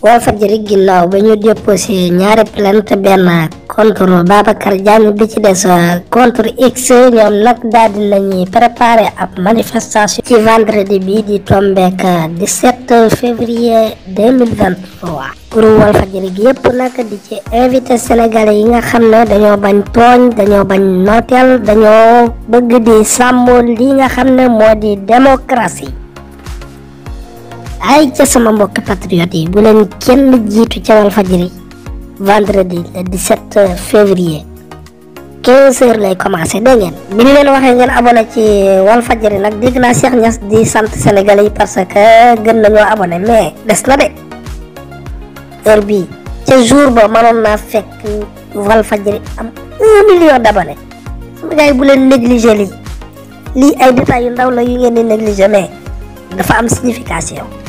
Walfadjri ginnaaw ba ñu déposé ñaari plainte benn contre Babacar Diagne bi ci des contre X ñoom nag daal di nañuy préparé ab manifestation ci vendredi bi di tombeek 17 février 2023 groupe Walfadjri gi yëpp nag di ci invité sénégalais yi nga xam ne dañoo bañ tooñ dañoo bañ nooteel dañoo bëgg di sàmm li nga xam ne moo di démocratie ay ci sama mbokk patriote yi bu len kenn jitu ci wal fajri vendredi le eh, 17 février 15 heures lay commencé de ngeen bi ñu leen waxee ngeen abonné ci wal fajri nak dégg na Cheikh nias di sante sénégalais yi parce que gën nañu abonné mais dess na dé heure bi ci jour ba manon na fekk wal fajri am 1 million d'abonnés sama gay bu len négliger li lii ay détails yu ndaw la yu ngeen négliger mais dafa am signification